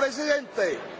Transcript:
presidente.